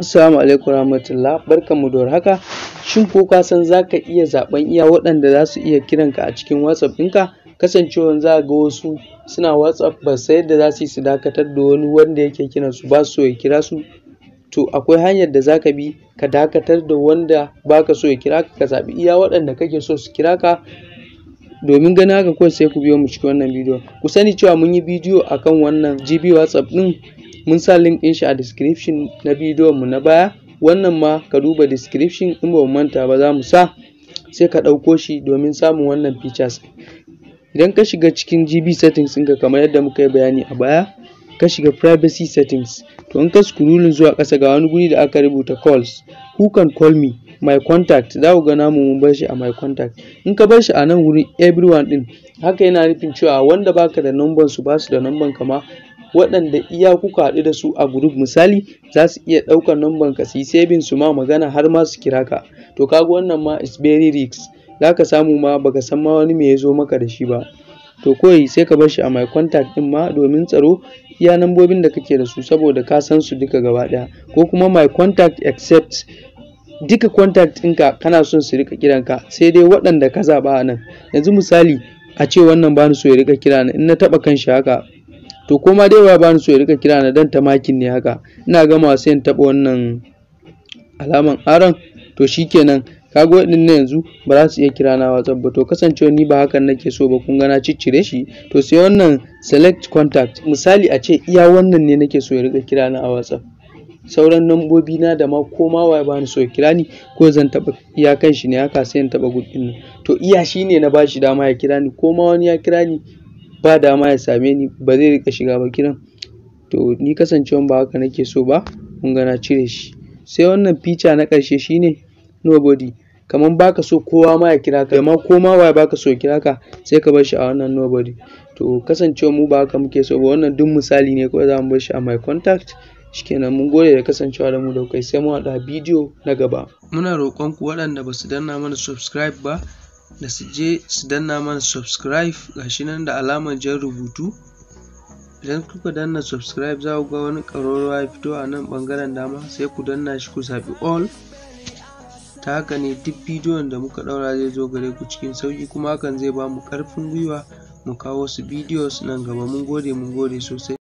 Assalamu alaikum rahmatullah barkanmu da warhaka shin ko ka san zaka iya zaben iya waɗanda za su iya kiranka a cikin WhatsApp ɗinka kasancewar za ga wasu suna WhatsApp ba sai da za su yi su dakatar da wani wanda yake kiran su ba so ya kira su to akwai hanyar da zaka bi ka dakatar da wanda baka so ya kira ka ka zaɓi iya waɗanda kake so su kira ka domin ganin haka kawai sai ku biyo mu cikin wannan bidiyon ku sani cewa mun yi bidiyo akan wannan GB WhatsApp ɗin mun sa link ɗin shi a description na bidiyon mu na baya wannan ma ka duba description in ba manta ba za mu sa sai ka ɗauko shi domin samun wannan features idan ka shiga cikin gb settings ɗinka kamar yadda muka yi bayani a baya ka shiga privacy settings to in ka scrollin zuwa ƙasa ga wani guri da aka rubuta calls who can call me my contact za ku ga namu mun bar shi a my contact in ka bar shi a nan wurin everyone din haka yana nufin cewa wanda baka da ba su basu da numban kama waɗanda iya kuka haɗu da su a group misali za su iya ɗaukar numban ka su yi su ma magana har ma su kira ka to kaga wannan ma is very risk za ka samu ma baka san ma wani mai ya zo maka da shi ba to kawai sai ka bar shi a mai contact din ma domin tsaro iya nambobin da kake da su saboda ka san su duka gaba ɗaya ko kuma my contact except duka contact ɗinka kana son su rika kiranka sai dai waɗanda ka zaɓa a nan yanzu misali a ce wannan bani so ya rika kira in na taɓa kan shi haka to ma dai ba bani so ya rika kira na dan tamakin ne haka ina gama sai in taba wannan alaman aron to shikenan kago din ne yanzu ba za su iya kira na WhatsApp ba to kasancewa ni ba hakan nake so ba kun ga na ciccire shi to sai wannan select contact misali a ce iya wannan ne nake so ya rika kira na a WhatsApp sauran nambobi na da ma ko ma waya bani so ya kira ni ko zan taba kan shi ne haka sai in taba gudin to iya shine na bashi dama ya kira ni ko ma wani ya kira ni ba dama ya same ni ba zai riƙa shiga ba gidan to ni kasancewan ba haka nake so ba mun ga cire shi sai wannan feature na ƙarshe shine nobody kamar baka so kowa ma ya kira ka amma ko ma waye baka so kira ka sai ka bar shi a wannan nobody to kasancewa mu ba haka muke so ba wannan duk misali ne kawai za mu bar shi a my contact shikenan mun gode da kasancewa da mu da kai sai mu haɗa bidiyo na gaba muna roƙon ku waɗanda ba su danna mana subscribe ba da su je su danna mana subscribe gashi nan da alamar jan rubutu idan kuka danna subscribe za ku ga wani ƙararrawa ya fito a nan ɓangaren dama sai ku danna shi ku zaɓi all ta haka ne duk bidiyon da muka ɗaura zai zo gare ku cikin sauƙi kuma hakan zai ba mu ƙarfin gwiwa mu kawo wasu bidiyos nan gaba mun gode mun gode sosai